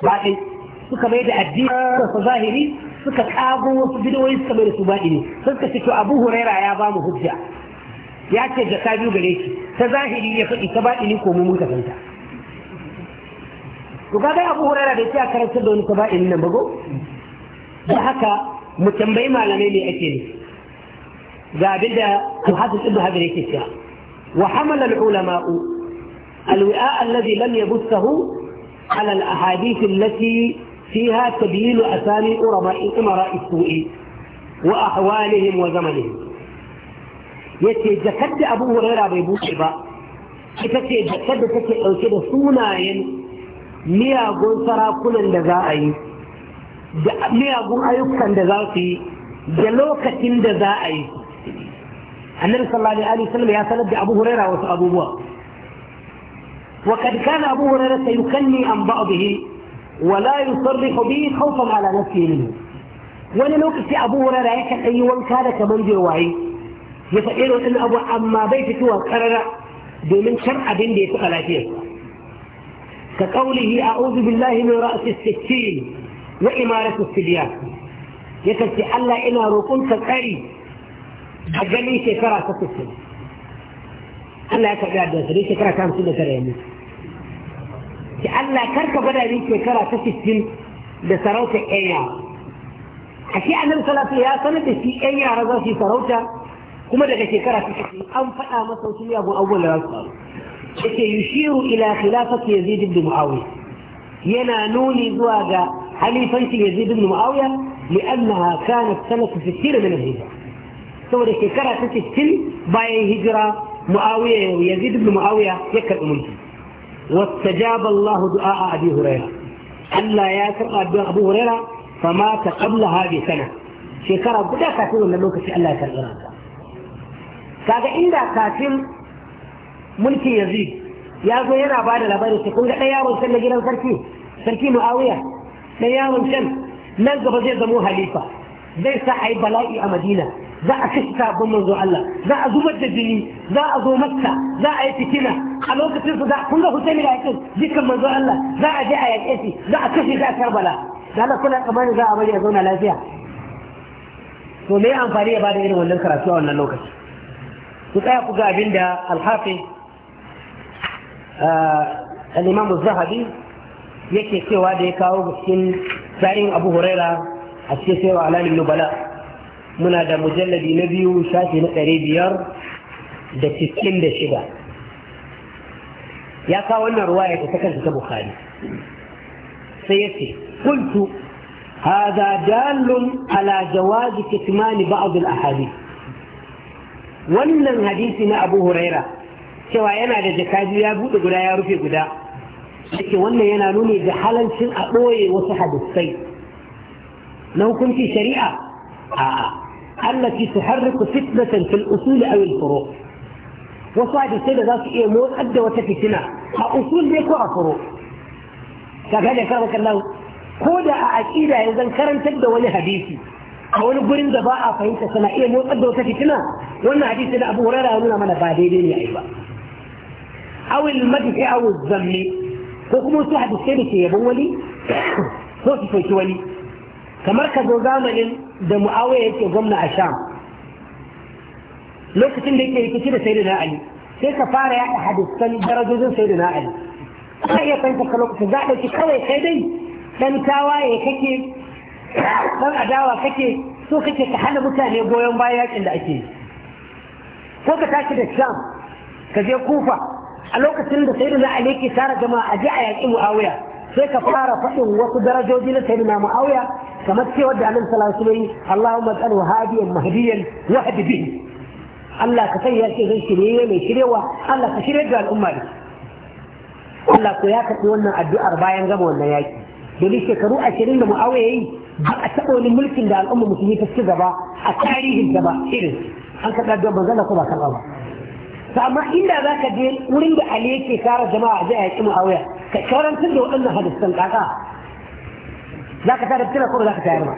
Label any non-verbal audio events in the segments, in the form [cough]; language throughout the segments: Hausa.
baɗi suka mai da addini su zahiri suka kago wasu bidoyi suka mai da su baɗi ne suka ce to abu huraira ya ba mu hujja ya ce jaka biyu gare shi ta zahiri ya faɗi ta baɗi ne ko mu mun kasanta to ga dai abu huraira da ya karanta da wani ta baɗi nan bago da haka mu tambayi malamai ne ake ne ga abin da alhafiz ibnu hajar yake cewa wa hamala al-ulama'u al-wi'a alladhi lam yabussahu على الأحاديث التي فيها تبيين أسامي أمراء السوء وأحوالهم وزمنهم يتجكد أبو هريرة بيبو شبا يتجكد تتجكد سونا ميا قول سرا كل اللذائي ميا قول أيوك كان دذاتي جلوكة النبي صلى الله عليه وسلم يا سلد أبو هريرة وأبو بوك وقد كان أبو هريرة يكني عن بعضه ولا يصرخ به خوفا على نفسه منه ولنوقف في أبو هريرة يكن أي كان كمن جرواهي يفعله أن أبو أما بيت هو قرر بمن شرع بن بيته على كقوله أعوذ بالله من رأس السكين وإمارة السبيان يكفي ألا إنا رقم تقري حقا لي شكرا ستسل ألا يكفي أبو هريرة لي شكرا كان سنة ترى يمسك ki Allah karka gwada ni shekara ta 60 da sarauta ƴan yara a shi annabi salatu ya sanar da shi ƴan yara za su yi sarauta kuma daga shekara ta 60 an faɗa masa wasu miyagun abubuwan da za su faru yake yushiru ila khilafati yazid ibn muawiya yana nuni zuwa ga halifancin yazid ibn muawiya li'annaha kanat sanatu 60 min al-hijra saboda shekara ta 60 bayan hijira muawiya yazid ibn muawiya ya karɓi mulki واستجاب الله دعاء أبي هريرة ألا يا كرأ أبو هريرة فمات قبلها بسنة شكرا بدا كافر ولا لوكسي ألا يكرأ kaga inda kafin mulkin yazid ya zo yana ba da labarin sai kun ga ɗan yaron can na gidan sarki sarki mu'awiya ɗan yaron can nan gaba zai zamo halifa zai sa a yi bala'i a madina za a kashe sabon manzo Allah za a zubar da jini za a zo makka za a yi fitina a lokacin su za kun ga Husaini da yakin dukkan manzo Allah za a je a yaƙe shi za a kashe shi Karbala da Allah kuna tsammanin za a bari a zauna lafiya to me amfani ya bada irin wannan karatu a wannan lokaci ku tsaya ku ga abin da alhafi eh, al-Imam az-Zahabi yake cewa da ya kawo cikin tarihin Abu Huraira a cikin sai wa alamin nubala muna da mujalladi na biyu shafi na ɗari biyar da cikin da shida ya kawo wannan ruwaya ta kanta ta bukari sai ya ce kuntu هذا دال على جواز كتمان بعض الأحاديث wannan hadisi na abu huraira cewa yana da jakadu ya buɗe guda ya rufe guda yake wannan yana nuni da halalcin a ɓoye wasu hadisai لو في شريعة آه. التي تحرك فتنة في الأصول أو الفروع وصعد السيدة ذات إيمون أدى وتفتنا فأصول ذلك وفروع كيف هذا يكرم الله كودا أعجيدا إذا كرم تبدأ ولي حديثي أو نقول نقولين دباعة فإنت سنة إيه؟ مو أدى وتفتنا وأن حديث إذا أبو هريرة أمنا من بعدين يا إيبا أو المدح أو الزمي فكما سوحد السيدة يا بولي سوحد السيدة kamar ka zo zamanin da mu'awiya ke gwamna a sham lokacin da yake rikici da sai na ali sai ka fara yaɗa hadisan darajojin sai na ali ka iya fahimta ka lokacin za a ɗauki kawai kai dai ɗan tawaye kake ɗan adawa kake so kake ka hana mutane goyon bayan yakin da ake yi ko ka tashi da sham ka je kufa a lokacin da sai na ali ke tara jama'a a je a yaƙi mu'awiya sai ka fara faɗin wasu darajoji na sai na mu'awiya كما تشي ودع من صلى الله اللهم اجعله هاديا مهديا واحد به ألا كفي يأتي غير شريه من شريه وألا كشريه جوال أمه ألا كياك تيونا أدو أربعين غمو أن يأتي دليش يكرو أشرين لما أوي أتقو لملك دا الأمة مسيحة السزبا أتاريه السبا إرس أنك تدعو بزانا كبا كان الله فأما إلا ذاك دير ولين بحليك كارا جماعة جاء يأتي مؤوية كارا تدعو أن هذا لا كتابة كلا كورة لا كتابة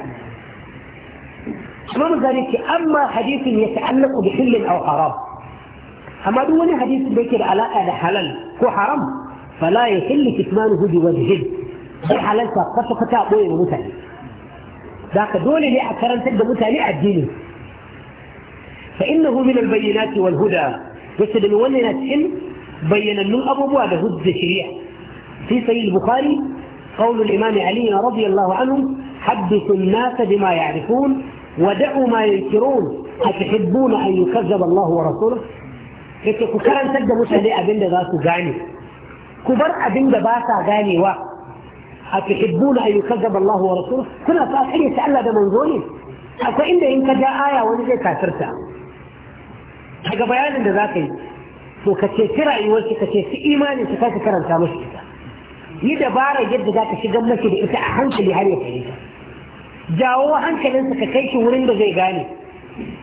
أمام ذلك أما حديث يتعلق بحل أو حرام أما دون حديث بكر العلاء هذا حلال هو حرام فلا يحل كتمانه بوجه حلال فقط كتابه ومتعلي ذاك دول لي أكثر أن تجد متعلي الدين فإنه من البينات والهدى يسد من وننا تحل بينا من أبو بواد هد الشريع في سيد البخاري قول الإمام علي رضي الله عنه حدثوا الناس بما يعرفون ودعوا ما ينكرون أتحبون أن يكذب الله ورسوله قلت إذا كان تجدوا شهده أبند ذاك غاني كبر أبند باسا غاني وا أتحبون أن يكذب الله ورسوله كنا فاتحين يسألنا ده منظولي أكو إن ده إنك جاء آية ونجا كافرتا حقا بيان ده ذاكي فكتشي سرعي ولكي كتشي سي إيماني سكاسي كرم سامشك yi dabarar yadda za ka shigar mashi da ita a hankali har ya fahimta jawo hankalinsa ka kai shi wurin da zai gane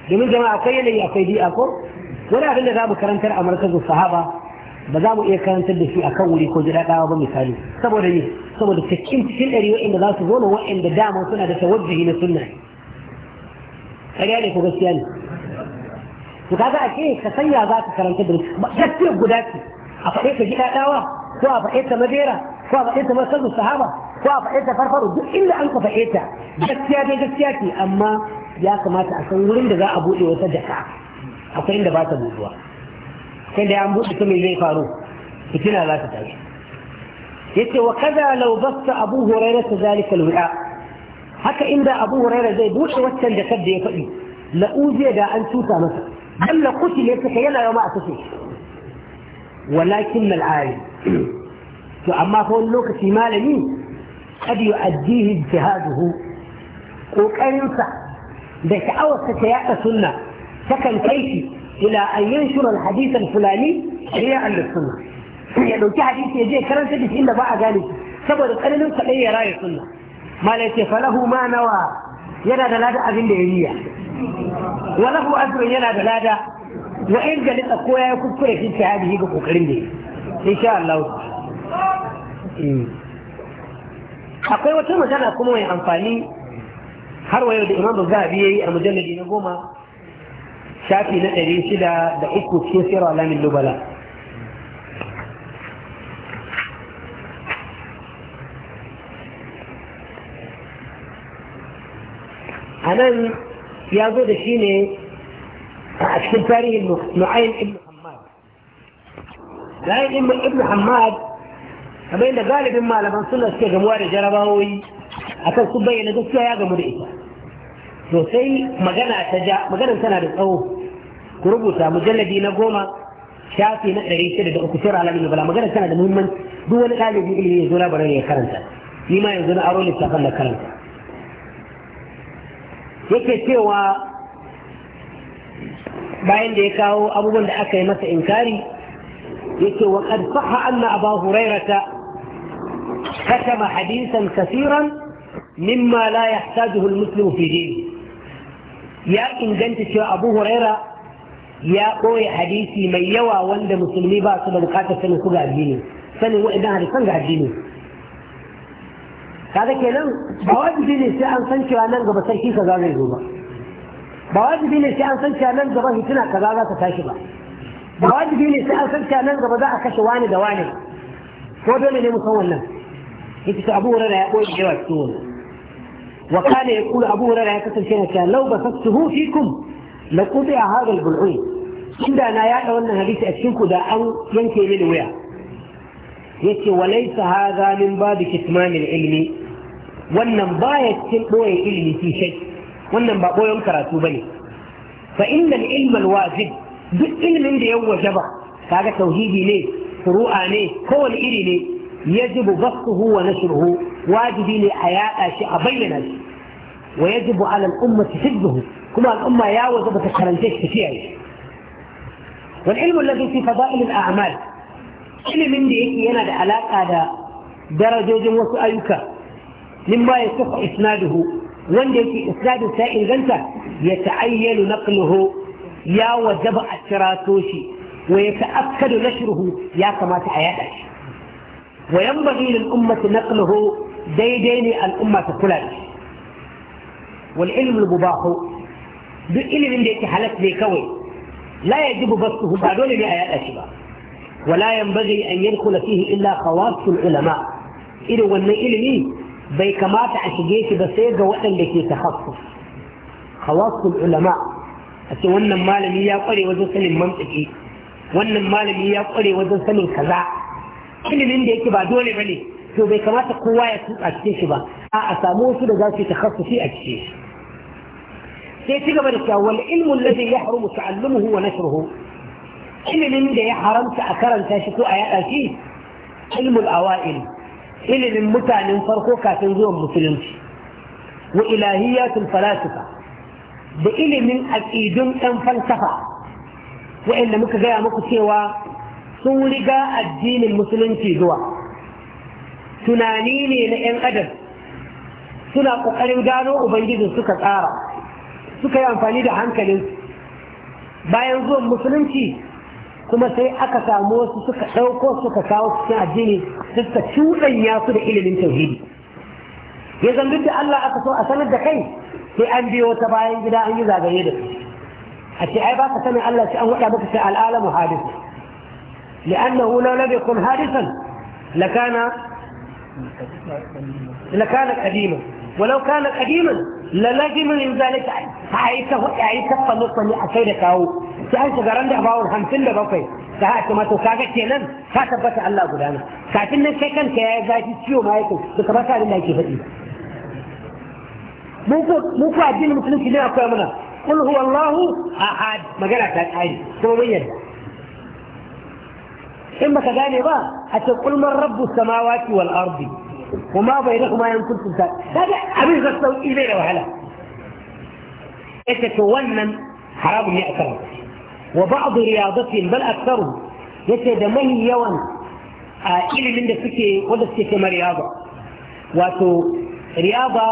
domin jama'a akwai yanayi akwai bi'a ko wani abin da za mu karantar a markazin sahaba ba za mu iya karantar da shi a kan wuri ko jira ɗawa ba misali saboda ne saboda cikin cikin ɗari wa'inda za su zo na wa'inda dama suna da tawajjuhi na sunna ƙarya ne ko gaskiya ne to kaga a ce ka sanya za ka karantar da shi gaskiya guda ce a faɗe ka jira ɗawa فاضح انت مديره فاضح انت مسجد الصحابه فاضح انت فرفر الا انت فحيتا جسياتي جسياتي اما يا كما تعرفون وين ذا ابو دي وسجك اكو عند بات ابو كان ده ابو دي كم اللي فارو كنا لا تتعي يتي وكذا لو بس ابو هريره ذلك الوعاء حتى ان ده ابو هريره زي بوش وكان ده قد يفدي لا اوجد ان توتا مثلا بل قتل يتخيل يوم اتسيه ولكن العالم فأما [coughs] فهو اللوك في مال مين قد يؤديه اجتهاده وكان ينفع ذاك أو ستياء سنة سكن كيفي إلى أن ينشر الحديث الفلاني هي عن السنة يعني في حديث يجي كلام تجد إلا بقى جانب سبب أن ينفع لي رأي السنة ما ليس فله ما نوى ينا دلادة أذن دهية وله أذن ينا دلادة wa in ga ya kuskure shi ta hadi ga kokarin da sha Allah hmm. akwai wata magana kuma mai amfani har wa yau da Imam Zahabi yayi a mujalladi na goma shafi na ɗari shida da uku cikin sirar alamin lubala a nan ya zo da shi ne a cikin tarihin nu'ayin ibn hammad nu'ayin ibn hammad kamar yadda galibin malaman suna suke gamuwa da jarabawoyi akan sun bayyana gaskiya ya gamu da ita to sai magana ta ja maganar tana da tsawo ku rubuta mujalladi na goma shafi na ɗari shida da uku shirar alamin bala magana tana da muhimmanci duk wani ɗalibin ilimi ya zo na bare ya karanta ni ma yanzu na aro littafin da karanta yake cewa bayan da ya kawo abubuwan da aka yi masa inkari yake wa qad sahha anna abu hurairata katama hadisan kasiran mimma la yahtajuhu al-muslim fi dini ya inganta cewa abu huraira ya ɓoye hadisi mai yawa wanda musulmi ba su da bukatar sanin su ga addini sanin wa'idan hadisan ga addini kaga kenan ba wajibi ne sai an san cewa nan gaba sarki ka za zai zo ba بواجبي لي وكان يقول ابو هريره كتر شيء كان لو بسطته فيكم لقطع هذا البلعوي عندنا ان يا ده wannan حديث اشكو ان ينكي لي ويا يتي وليس هذا من باب كتمان العلم wannan baya cikin boye ilimi في شيء wannan ba koyon karatu bane fa innal ilm al wajib duk ilmin da yau wajaba kaga tauhidi ne furu'a ne kowane iri ne يجب بسطه ونشره واجبي لحياة شيء أبين شيء ويجب على الأمة حفظه كما الأمة يا وجبة تكرنتيش كثير والعلم الذي في فضائل الأعمال علم من دي ينا دا علاقة درجة وسؤالك مما يصح إسناده wanda yake isnadin sa inganta ya ta'ayyalu naqluhu ya wajaba a tirato shi wa ya ta'akkadu nashruhu ya kamata a yada shi wa yanbaghi lil ummati naqluhu daidai ne al'umma ta kula da shi wal ilmu al duk ilimin da yake halas ne kawai la yajibu basuhu ba dole ne a yada shi ba wala yanbaghi an yadkhula fihi illa khawasul ulama irin wannan ilimi bai kamata a shige shi ba sai ga waɗanda ke tahassus khalasul ulama a ce wannan malami ya kware wajen sanin mantiki wannan malami ya kware wajen sanin kaza ilimin da yake ba dole bane to bai kamata kowa ya tuka cikin shi ba a a samu wasu da za su yi takhassusi a cikin shi sai ci gaba da cewa wal ilmu alladhi yahrumu ta'allumuhu wa nashruhu ilimin da ya haramta a karanta shi ko a yada shi ilmul awa'il ilimin mutanen farko kafin zuwan musulunci wa ilahiyatul falasifa da ilimin aƙidun ɗan falsafa wa'inda muka gaya muku cewa sun riga addinin musulunci zuwa tunani ne na 'yan adam suna ƙoƙarin gano ubangijin suka tsara suka yi amfani da hankalinsu bayan zuwan musulunci kuma sai aka samu wasu suka ɗauko suka kawo cikin addini suka cuɗanya su da ilimin tauhidi ya zambi da Allah aka so a sanar da kai sai an biyo ta bayan gida an yi zagaye da su a ce ai baka sanin Allah sai an wada maka sai al'alamu hadis li'annahu law lam yakun hadisan lakana lakana qadima ولو كان قديما للازم من ذلك هاي تفني هاي تفني اكيد كاو sai an shiga ran da bawon hamsin da bakwai ka haɗa mato kaga kenan ka tabbata Allah gudana kafin nan kai kanka ya yi zafi ciwo ma yake da kamar sa da yake faɗi mu ko addinin musulunci ne akwai mana kul huwa Allah ahad magana ta ƙari kuma mun yarda in baka gane ba a ce kul man rabbu samawati wal ardi وما بينهما ان كنتم هذا ابي غسل ايدي وهلا انت تولن حرام ياكل wa ba'd riyadatin bal aktharu yace da mai yawan a ilimin da suke wanda suke kuma riyada wato riyada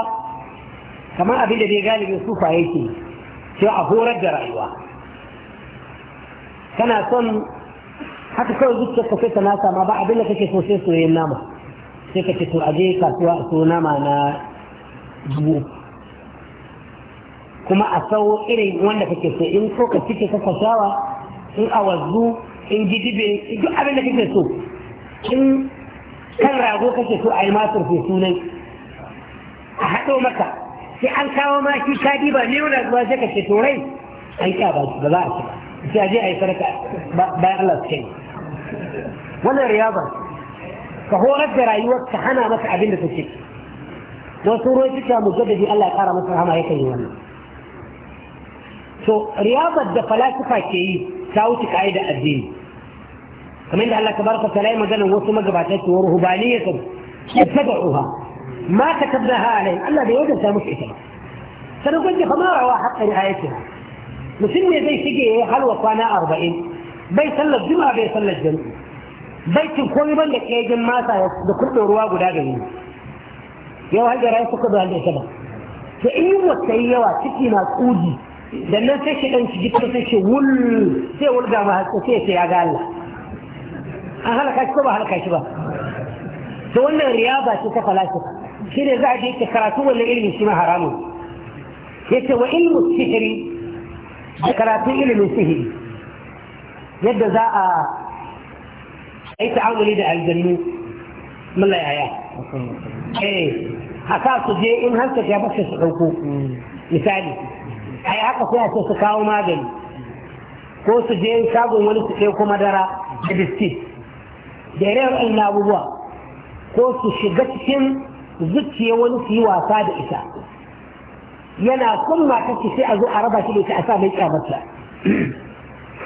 kamar abinda da bai galibi sufa yake cewa a horar da rayuwa kana son haka kawai zuciyar ka sai ta nasa ma ba abin da kake so sai soyayyen nama sai ka ce to aje kasuwa a so nama na dubu kuma a sau irin wanda kake so in so ka cike kasa shawa in a wazu in gidibe duk abin da kake so in kan rago kake so a yi masar ke sunai a haɗo maka sai an kawo ma shi ka diba ne wani zuwa sai kake ce turai an ƙya ba ba za a ci ba sai a je a yi sarka bayan Allah su kai wannan riyaba ka horar da rayuwar ka hana masa abin da kake wasu ruwa suka mu gaddadi Allah ya kara masa rahama yakan yi wannan so riyabar da falasifa ke yi ta wuce ka'ida addini kamar da Allah tabaraka wa ta'ala magana wasu magabata su wa ruhbaniyatun yattaba'uha ma katabnaha alaihim Allah bai wadanta musu ita ba sanin gwaje fa ma rawa haqqan ayatiha mutum ne zai shige yayi halwa kwana 40 bai sallar juma'a bai sallar jami'a bai cin komai ban da kejin masa da kuɗin ruwa guda da ni yau har hajjara ya suka da hajjar ta ba da in wata yawa ciki na tsuji da nan sai shi ɗan shi jikin sai shi wul sai wulga ma hatsa sai ce ya ga Allah an halaka shi ko ba halaka shi ba to wannan riyaba ce ta falasifa shi ne za a je karatu wannan ilimin shi ma haramun yace wa ilmu sihiri da karatun ilimin sihiri yadda za a yi ta'amuli da aljannu mulla yaya eh a sa su je in hanka ya baka su ɗauko misali ai haka sai a su kawo magani ko su je shagon wani su ɗauko madara da biskit da rayar na abubuwa ko su shiga cikin zuciya wani su yi wasa da ita yana kun mata ce sai a zo a raba shi da ita a sa mai kyamata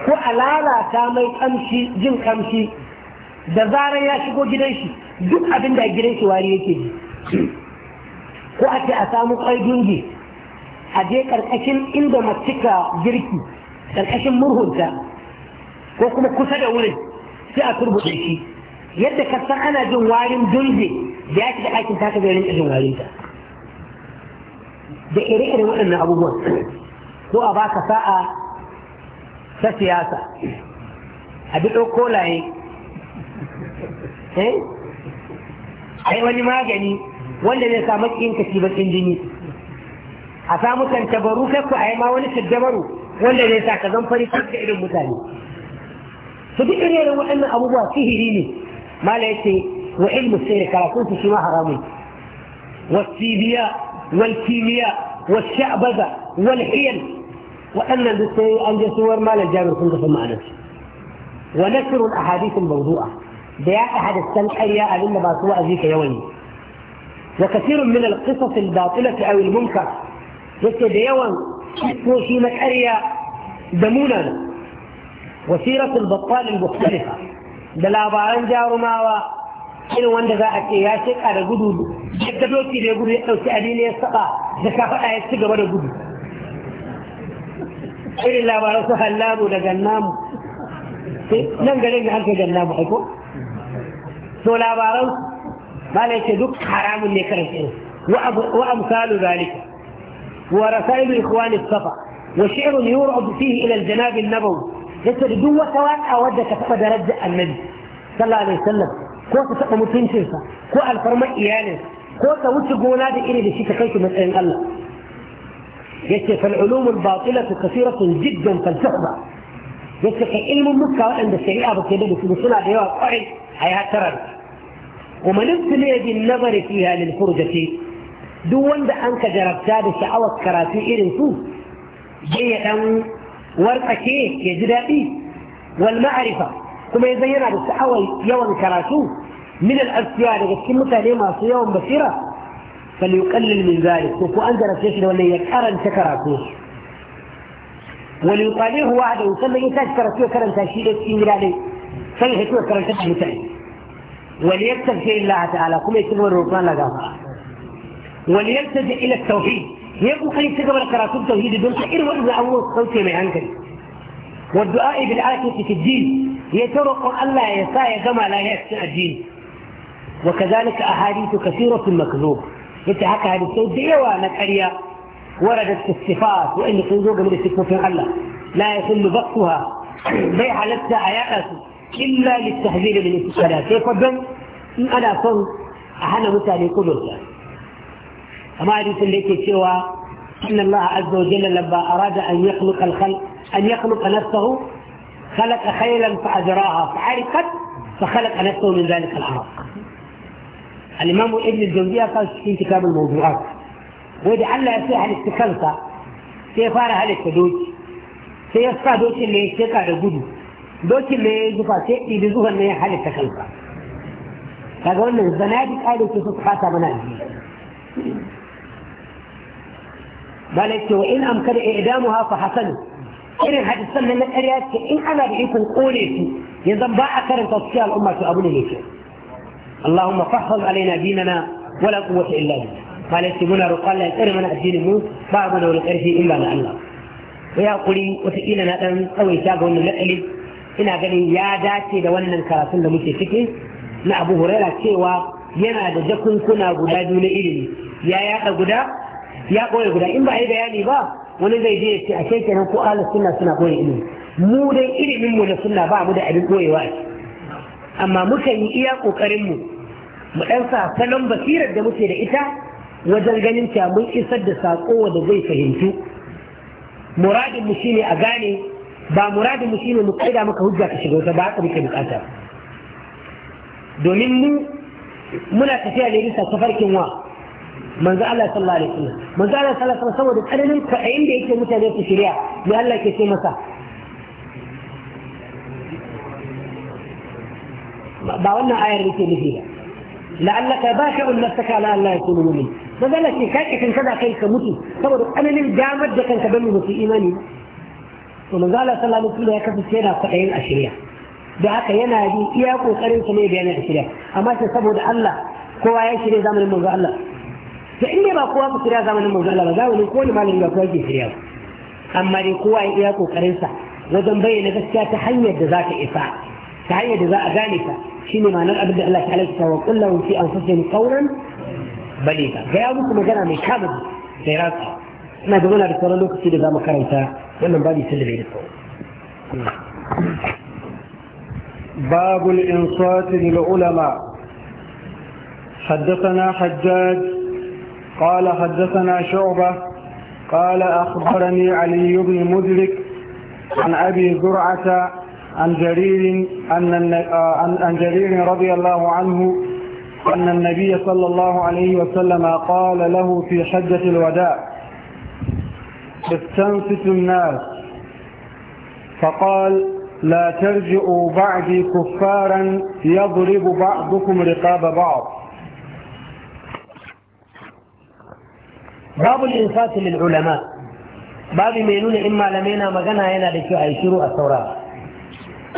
ko a lalata mai kamshi jin kamshi da zarar ya shigo gidan shi duk abin da gidan shi wari yake ji ko a ce a samu kwai dungi هذه كالأشن ان تكا جريكي كالأشن مرهو ان وكما كسر أولي سأكر ان يدى كالسان أنا جنوارم ان جاءت بحاكم تاكا بيرين جنوارم ذا دي إريك رمو أن أبو بوان هو أباك ساعة سياسة أبيت أقول لي هاي إيه؟ واني ما جاني وانا نسامك إنك سيبت إنجيني a sa mutan tabaru kai ku a yi ma wani tattabaru wanda zai sa ka zan fari kanka irin mutane su duk irin waɗannan abubuwa sihiri ne mala yace wa ilmu sirri karatun su shi ma haramun wasibiya wal kimiya wal sha'baza wal hiyal waɗannan duk sai an je suwar malam jami'in sun kafa ma'anar wa nasrul ahadith al mawdu'a da ya ahadithan ƙarya abinda masu wa'azi ka yawan yi وكثير من القصص الباطلة أو المنكر وسي ديوان وسي مكاريا دمونا وسيرة البطال المختلفة دلا باران جارو ماوا إن وان دزا أكي ياشيك على قدود جدد وسي ديقود يتو سأدين يستقى زكا فتا يستقى بدا قدود إلي الله بارسوها اللامو لجنامو نعم قلنا هل جنامو حيكو سولا بارس ما ليس دوك حرام اللي كرسين وأمثال ذلك ورسائل إخوان الصفا وشعر يرعب فيه إلى الجناب النبوي ليس بدون سواء أودك فقد رد النبي صلى الله عليه وسلم كو تتقى متنشنسا كو الفرماء إيانس كو توتقوا نادي إلي لشي تقيت أين الله يسأل فالعلوم الباطلة كثيرة جدا فلسفة في علم مكة وعند الشريعة بكذلك في مصنع ديوان قعد حياة ترد ومن ابتلي بالنظر فيها للفرجة duk wanda an ka jarabta da sha'awar karatu irin su zai ya dan wartsake ya ji daɗi wal ma'arifa kuma ya yana da sha'awar yawan karatu min al daga cikin mutane masu yawan basira falyuqallil min zalik ko an jarabta shi da wannan ya karanta karatu وليطالعه وعده ثم ينتاج كرتوه كرنتا شيء يسكن عليه فيهتوه كرنتا متعب وليكتب شيء الله تعالى كما يكتبه الرسول لك وليلتجئ إلى التوحيد يقول خلي تقبل كراتون توحيد دون سائر وإذا أول صوتي ما ينكر والدعاء بالآية في الدين يترق الله يسعى كما لا يسعى الدين وكذلك أحاديث كثيرة مكذوب يتحكى هذه السودية كريا وردت في الصفات وإن صندوق من السكوفين الله لا يحل بقها [clears throat] بيع لسا آياته إلا للتحذير من الاستشهادات كيف إن أنا صن أحنا متى لكل kama hadisin da yake إن الله عز وجل لما أراد أن يخلق الخلق أن يخلق نفسه خلق خيلا فأجراها فعرقت فخلق نفسه من ذلك العرق الإمام ابن الجوزية قال في كتاب الموضوعات وجعل يسيح الاستكلفة سيفارة هل التدوج سيسقى دوش اللي يشتكى رجوله دوش اللي يزفى سيئتي بزوها أن يحل التكلفة فقالوا الزنادق قالوا في صفحات منازل قالت وإن إيه، أمكن إعدامها فحسن إن حد السنة من الأريات إن أنا بحيكم قوليتي يزن باعكر تصفيع الأمة في أبونا ليش اللهم فحفظ علينا ديننا ولا قوة إلا بك قالت منى رقال لا يتأري من أجين مو بعضنا ولا تأري إلا لان الله ويا قولي وتقينا نأم أو يتاقوا من الأريات انا أغني يا داتي دوانا كراسل لموتي فكي نأبو هريرة كي yana da jakunkuna guda biyu na ilimi ya yaɗa guda ya ɓoye guda in ba a yi bayani ba wani zai je ce a kai kenan ko ahlus sunna suna ɓoye ilimi mu dai ilimin mu na sunna ba mu da abin ɓoyewa a amma muka yi iya ƙoƙarin mu mu ɗan sa salon basirar da muke da ita wajen ganin cewa mun isar da saƙo da zai fahimtu muradin mu shine a gane ba muradin mu shine mu kaida maka hujja ka shiga wata ba haka muke bukata domin mu muna tafiya ne bisa tafarkin wa manzo Allah sallallahu alaihi wasallam manzo Allah sallallahu alaihi wasallam saboda tsananin kwaɗayin da yake mutane su shirya ne Allah ke ce masa ba wannan ayar yake nufi ba la'allaka bashi'un nafsaka ala Allah yakunu mu'min manzo Allah ce kai kin kada kai ka mutu saboda tsananin damar da kanka don mu su imani to manzo Allah sallallahu alaihi wasallam ya kasance yana kwaɗayin a shirya da haka yana bi iya kokarin sa ne bayanin a shirya amma sai saboda Allah kowa ya shirya zamanin manzo Allah to in dai ba kowa ku shirya zamanin manzo Allah ba zamanin kowane malami ba kowa ke shirya ba amma dai kowa ya iya kokarin sa wajen bayyana gaskiya ta hanyar da za ta isa ta hanyar da za a gane ta shine ma'anar abin da Allah ta halatta wa kullahu fi anfusihim qawlan baliga ga ya muku magana mai kama da ratsa ina da muna da sauran lokaci da za mu karanta wannan babu sun da bai da sauran باب الإنصات للعلماء حدثنا حجاج قال حدثنا شعبة قال أخبرني علي بن مدرك عن أبي زرعة عن جرير أن آه، عن جرير رضي الله عنه أن النبي صلى الله عليه وسلم قال له في حجة الوداع استنفت الناس فقال لا ترجعوا بعدي كفارا يضرب بعضكم رقاب بعض باب insati للعلماء باب مينون اما لمينا مغنى هنا لشو اي شروع da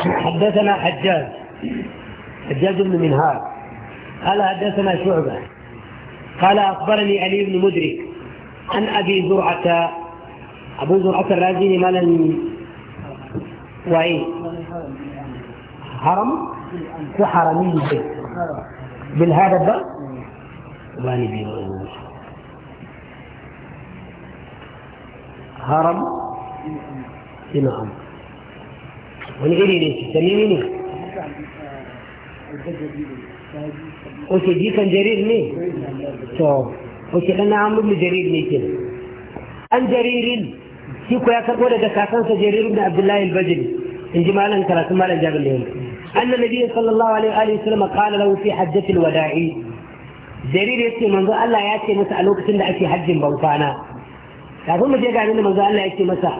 حدثنا حجاج حجاج بن منهار قال حدثنا شعبه قال اخبرني علي بن مدرك عن ابي زرعه ابو زرعه الرازي مالا وعين حرم وحرمي بالهذا الضرب هرم بما أمر ونعيني ليش تسميني وش جي كان جرير مي طب وش كان عمرو بن جرير مي كذا؟ أن جرير سيكو يا كبولة دكاكان سجرير بن عبد الله البجري إن جمالا ترى ثم لا جاب اليوم أن النبي صلى الله عليه وآله وسلم قال له في حجة الوداع جرير يسمى منذ الله يأتي مسألوك سنة في حج بوطانا kafin mu je ga abin da manzo Allah yake masa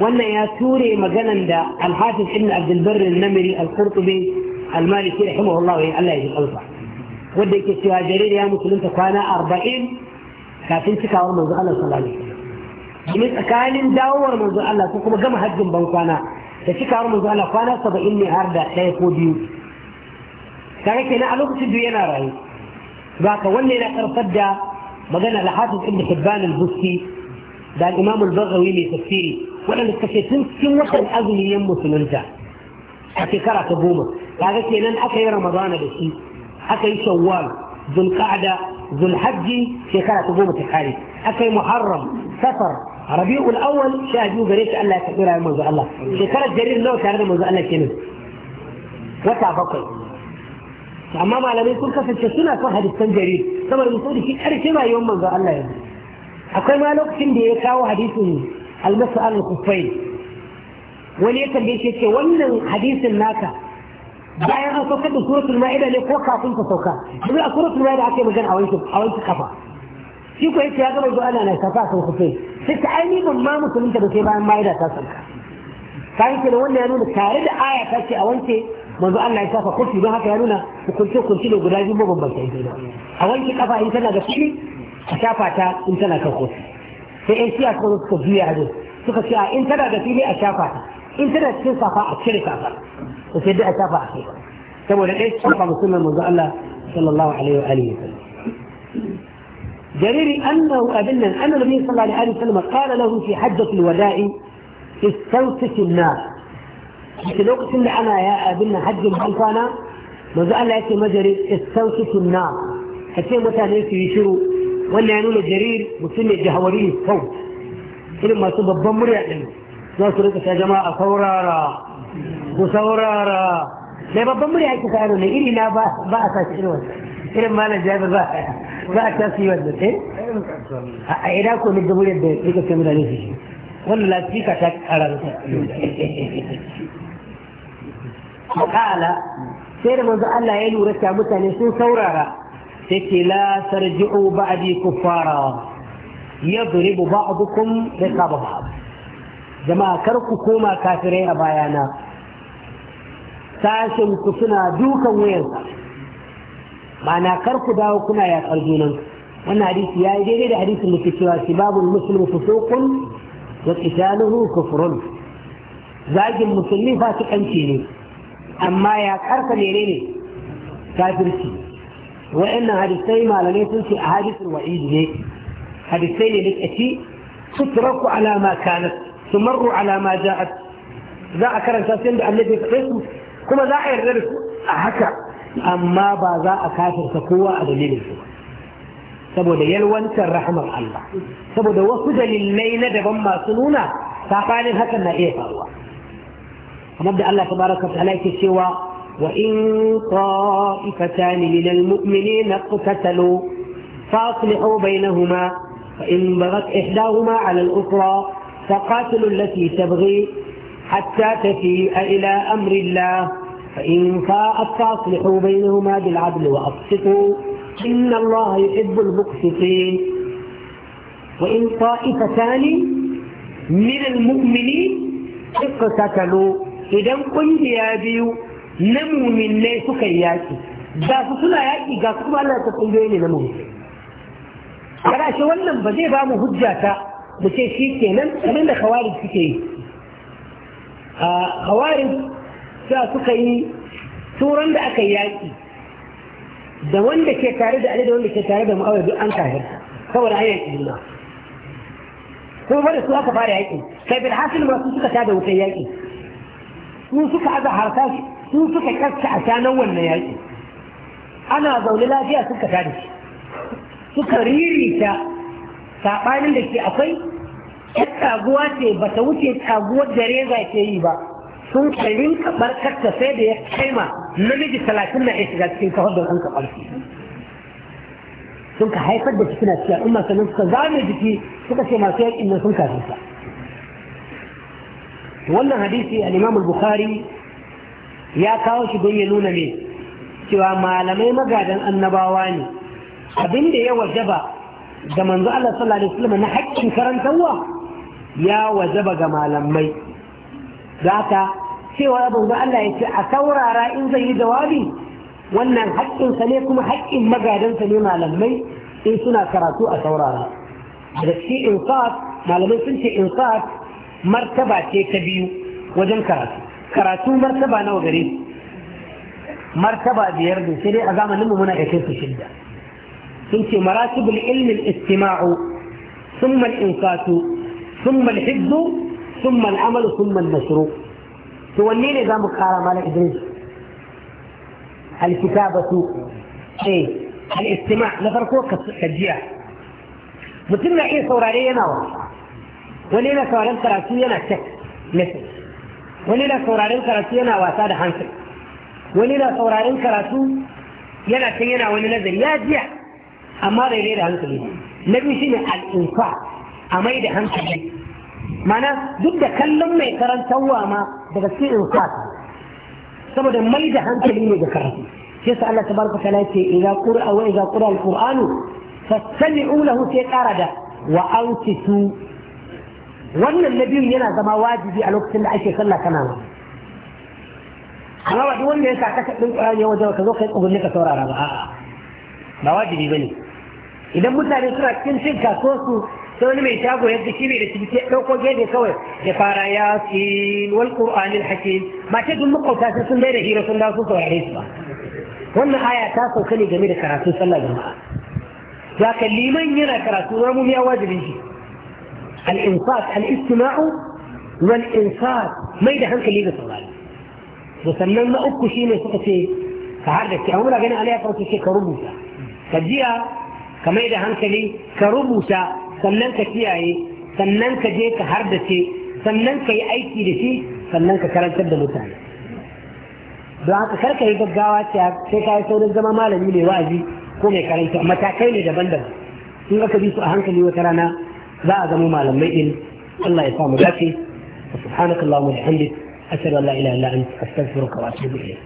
wannan ya ture maganan da al-hafiz ibn abdul barr al-Namri al-qurtubi al-maliki rahimahullah wa Allah ya ji wanda yake cewa jarir ya musulunta kwana 40 kafin cikawar manzo Allah sallallahu alaihi wasallam kuma tsakanin dawowar manzo Allah ko kuma gama hajjin ban kwana da cikawar manzo Allah kwana 70 ne har da ɗaya ko biyu kaga kenan a lokacin duk yana rayu ba ka wanne na karfar da magana al-hafiz ibn hibban al-busti da imamul bagawi mai tafsiri waɗanda suka ce tun cikin watan azumi yan musulunta a shekara ta goma kaga kenan aka yi ramadana da shi aka yi shawwal zulqa'da zulhajji shekara ta goma ta kare aka yi muharram safar rabi'ul awwal sha biyu gare shi Allah ya karɓi rayuwar manzo Allah shekarar jarir nawa tare da manzo Allah kenan wata bakwai amma malamai sun kasance suna son hadisan jarir saboda mutum da shi ƙarshen rayuwar manzo Allah yanzu akwai ma lokacin da ya kawo hadisin almasu al kufai wani ya tambaye shi ce wannan hadisin naka bayan an saukar da suratul ma'ida ne ko kafin ka sauka yanzu a suratul ma'ida aka yi magana a wancan a wanke kafa shi ko yace ya gaba zuwa ana na kafa sun kufai sai ta aini ban ma musulunta da sai bayan ma'ida ta sauka yi ke wannan ya nuna tare da aya ta ce a wance manzo Allah ya saka kufi don haka ya nuna hukunce hukunce da guda biyu mabambanta ita a wanke kafa in tana da kuɗi a shafa ta in tana kan kotu sai yan shiya suka zo suka juya ado suka ce a in tana da fili a shafa ta in tana cikin safa a cire safa to sai dai a shafa a kai saboda ɗaya shafa musulman manzo Allah sallallahu alaihi wa alihi wa sallam جرير أنه أبنا أن النبي صلى الله عليه وسلم قال له في حجة الوداع استوسك النار في الوقت اللي أنا يا أبنا حج الحلفانة ماذا قال لك مجري استوسك النار حتى متى نيسي يشيروا wannan ya nuna jarir mutum ne jahawari kau irin masu babban murya ɗin za su rika ta jama'a saurara ku saurara mai babban murya ake sa ne iri na ba a sa shi irin wannan irin malam ba za a tasu yi wannan sai a ina ko ni gaburiyar da rika sai mutane su shi wannan lafika ta kara ta kala sai da manzo Allah ya lura ta mutane sun saurara take la tarji'u ba'di kuffara yadribu ba'dukum riqaba ba'd jama'a kar ku koma kafirai a bayana sashin ku suna dukan wayarsa ma'ana kar ku dawo kuna yaƙar junanku wannan hadisi ya yi daidai da hadisi da ke cewa sibabul muslimu fusuqun wa qitaluhu kufrun zagin musulmi fasikanci ne amma ya karka ne ne kafirci وإن هذه ما لن يتنسى حديث الوعيد لي هذه لك أتي تتركوا على ما كانت تمر على ما جاءت ذا أكرا تاسين بأن الذي تقسم كما ذا أعير ذلك أحكى أما با ذا أكاثر تقوى أدليل الفوى سبو دا يلوان ترحم الله سبو دا وصد للمينة ما سنونا فقال هكذا نائف الله إيه ونبدأ الله تبارك وتعالى في سوى وإن طائفتان من المؤمنين اقتتلوا فأصلحوا بينهما فإن بغت إحداهما على الأخرى فقاتلوا التي تبغي حتى تفيء إلى أمر الله فإن فاءت فأصلحوا بينهما بالعدل وأقسطوا إن الله يحب المقسطين وإن طائفتان من المؤمنين اقتتلوا إذا قل يا بيو na muminai suka yi yaƙi ga su suna yaƙi ga su kuma Allah ta kungiyoyi ne na muminai kada shi wannan ba zai ba mu hujja ta da ce shi kenan abin da kawarin suke yi a kawarin za suka yi turan da aka yi yaƙi da wanda ke tare da Ali da wanda ke tare da mu'awar duk an kafir saboda an yaƙi juna kuma bada su aka fara yaƙi kai bil hasil ma su suka tada wutar yaƙi su suka aza harsashi su suka kaska a shanar wannan yaƙi ana zaune lafiya suka tada shi suka ririta saɓanin da ke akwai ƴar taguwa ce ba ta wuce taguwar da reza ke yi ba sun karin kaɓar karta sai da ya kaima namiji talatin na ya shiga cikin kafar da ɗan kaɓar sun ka haifar da cikin cikin al'umma sannan suka zame jiki suka ce masu yaƙin nan sun kafin sa wannan hadisi al-imam al-bukhari ya kawo shi don ya nuna ne cewa malamai magadan annabawa ne abin da ya wajaba ga manzo Allah sallallahu alaihi wasallam na haƙƙin karantarwa ya wajaba ga malamai zaka cewa manzo Allah ya ce a saurara in zai yi jawabi wannan haƙƙinsa ne kuma haƙƙin magadansa ne malamai in suna karatu a saurara da shi insaf malamai sun ce insaf martaba ce ta biyu wajen karatu karatu مرتبة nawa gare مرتبة martaba biyar ne sai dai a zamanin mu muna kai su shidda ثم الانفاس ثم الحفظ ثم العمل ثم النشر توني لي زام قال مالك ادريس الكتابة ايه الاستماع نفرقوا كالجيع متنا ايه صورة لينا ولينا صورة لينا صورة لينا صورة لينا wani na sauraren karatu yana wasa da hankali wani na sauraren karatu yana can yana wani nazari ya jiya amma bai da hankali na biyu ne al'infa a mai da hankali mana duk da kallon mai karantarwa ma daga cikin infa saboda mai da hankali ne ga karatu shi sa Allah tabaraka ta'ala ce idza qura'a wa idza qura'a al-qur'anu fastami'u lahu fi qara da wa ansitu wannan na biyun yana zama wajibi a lokacin da ake sallah kana ma amma ba duk wanda ya saka ka din ƙwararre wajen ka zo kai tsugunni ka saurara ba a'a ba wajibi bane idan mutane suna cikin cin kaso su sai wani mai shago ya ga shiri da cibiti ke ɗauko gefe kawai ya fara ya fi wal qur'anil hakim ba ce duk makauta sai sun daina hira sun dawo sun saurare su ba wannan aya ta sauka ne game da karatun sallah jama'a ya kalli yana karatu na mu ya wajibin shi الانصات الاستماع والانصات ما يدخل كلمه صلاه وسمى ما اكو شيء من سقط شيء فعرفت او لا غنى عليها فرس شيء كربوسا فجيها كما اذا هنكلي كربوسا سمنك كياي سمنك جيك هردتي سمنك اي اي تي دي سي سمنك كلام تبدا مثاني دعاك كلك هي بغاواتي شيء كاي سوري الزما مالا يلي واجي كوني كلام متى كاين دبندب سيغا كبيسو هنكلي وترانا za a zama malamai din Allah ya samu dace wa subhanakallahumma wa bihamdik ashhadu an la ilaha illa anta astaghfiruka wa atubu ilayk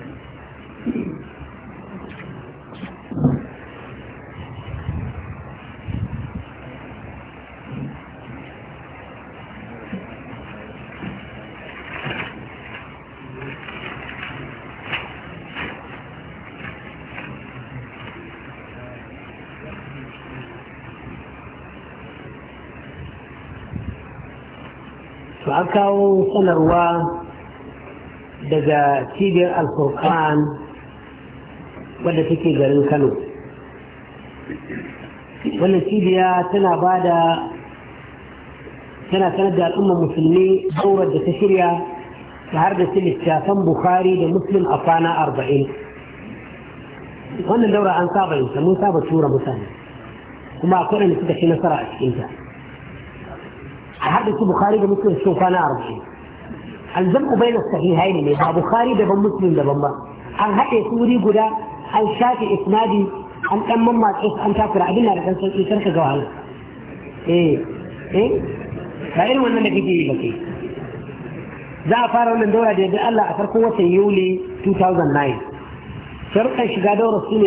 فأكاو صلروا دجا تيجر القرآن ولا تيجر الكنو ولا تيجر تنا بعد تنا تنا دا الأمة المسلمين دورة دا تشريا سهر دا سلسة بخاري دا مسلم أفانا أربعين وانا دورة عن صابة إنسا مو صابة شورة مسلمة وما أقول أن تدخل نصرة إنسان حديث بخاري ده مسلم شوف انا الجمع بين الصحيحين ne ba bukhari daban muslim daban ba an haɗe su wuri guda an shafi isnadi an ɗan mammatsa an takura abin na da ɗan sauƙi karka ga wahala eh eh ba wannan da kake yi ba kai za a fara wannan daura da yadda Allah a farkon watan Yuli 2009 shiga daura